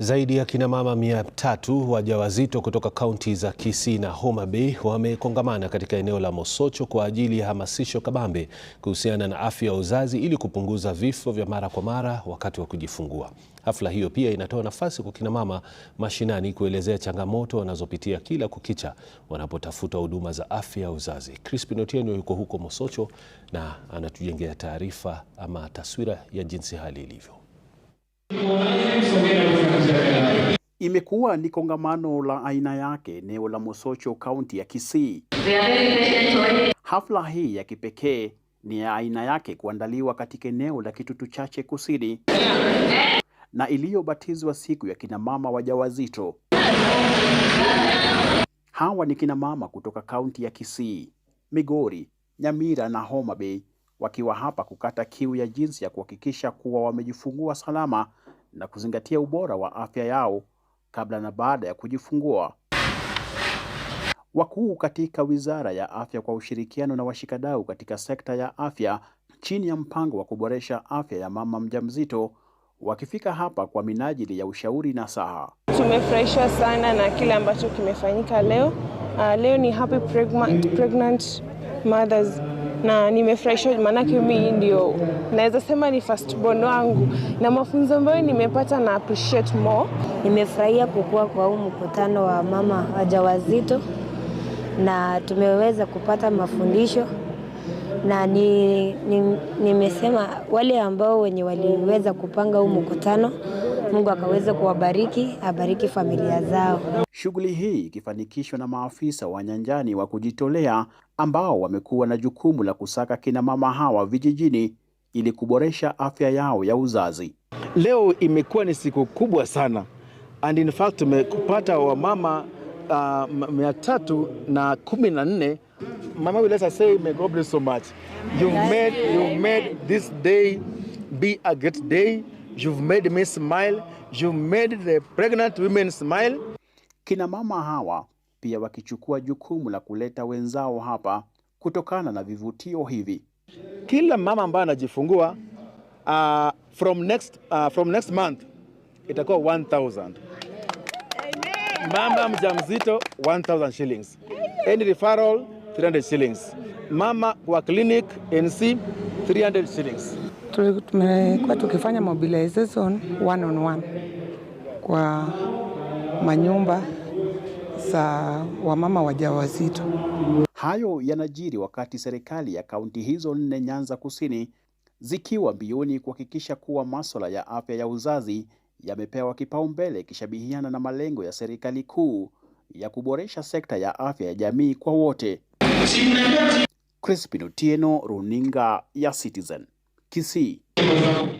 Zaidi ya kina mama mia tatu wajawazito kutoka kaunti za Kisii na Homa Bay wamekongamana katika eneo la Mosocho kwa ajili ya hamasisho kabambe kuhusiana na afya ya uzazi ili kupunguza vifo vya mara kwa mara wakati wa kujifungua. Hafla hiyo pia inatoa nafasi kwa kina mama mashinani kuelezea changamoto wanazopitia kila kukicha wanapotafuta huduma za afya ya uzazi. Crispin Otieno yuko huko Mosocho na anatujengea taarifa ama taswira ya jinsi hali ilivyo imekuwa ni kongamano la aina yake eneo la Mosocho, kaunti ya Kisii. Hafla hii ya kipekee ni ya aina yake kuandaliwa katika eneo la Kitutu Chache Kusini na iliyobatizwa siku ya kinamama wajawazito. Hawa ni kinamama kutoka kaunti ya Kisii, Migori, Nyamira na Homa Bay wakiwa hapa kukata kiu ya jinsi ya kuhakikisha kuwa wamejifungua salama na kuzingatia ubora wa afya yao kabla na baada ya kujifungua. Wakuu katika Wizara ya Afya kwa ushirikiano na washikadau katika sekta ya afya chini ya mpango wa kuboresha afya ya mama mjamzito wakifika hapa kwa minajili ya ushauri na saha. Tumefurahishwa sana na kile ambacho kimefanyika leo. Uh, leo ni Happy Pregnant, Pregnant Mothers na nimefurahishwa, maanake mimi ndio naweza sema ni first born wangu, na mafunzo ambayo nimepata na appreciate more. Nimefurahia kukua kwa huu mkutano wa mama wajawazito na tumeweza kupata mafundisho na ni, ni, nimesema wale ambao wenye waliweza kupanga huu mkutano Mungu akaweze kuwabariki, abariki familia zao. Shughuli hii ikifanikishwa na maafisa wa nyanjani wa kujitolea ambao wamekuwa na jukumu la kusaka kina mama hawa vijijini ili kuboresha afya yao ya uzazi. Leo imekuwa ni siku kubwa sana and in fact tumekupata wamama uh, ah, mia tatu na kumi na nne. Mama, let us say may God bless so much. You made, you made this day be a great day. You've made me smile. You've made the pregnant women smile. Kina mama hawa pia wakichukua jukumu la kuleta wenzao hapa kutokana na vivutio hivi. Kila mama ambaye anajifungua uh, from next, uh, from next month itakuwa 1000. Mama mjamzito 1000 shillings. Any referral 300 shillings. Mama wa clinic NC 300 shillings. Tumekuwa tukifanya mobilization one on one kwa manyumba za wamama wajawazito. Hayo yanajiri wakati serikali ya kaunti hizo nne Nyanza Kusini zikiwa mbioni kuhakikisha kuwa masuala ya afya ya uzazi yamepewa kipaumbele ikishabihiana na malengo ya serikali kuu ya kuboresha sekta ya afya ya jamii kwa wote. Crispin Otieno, runinga ya Citizen, Kisii.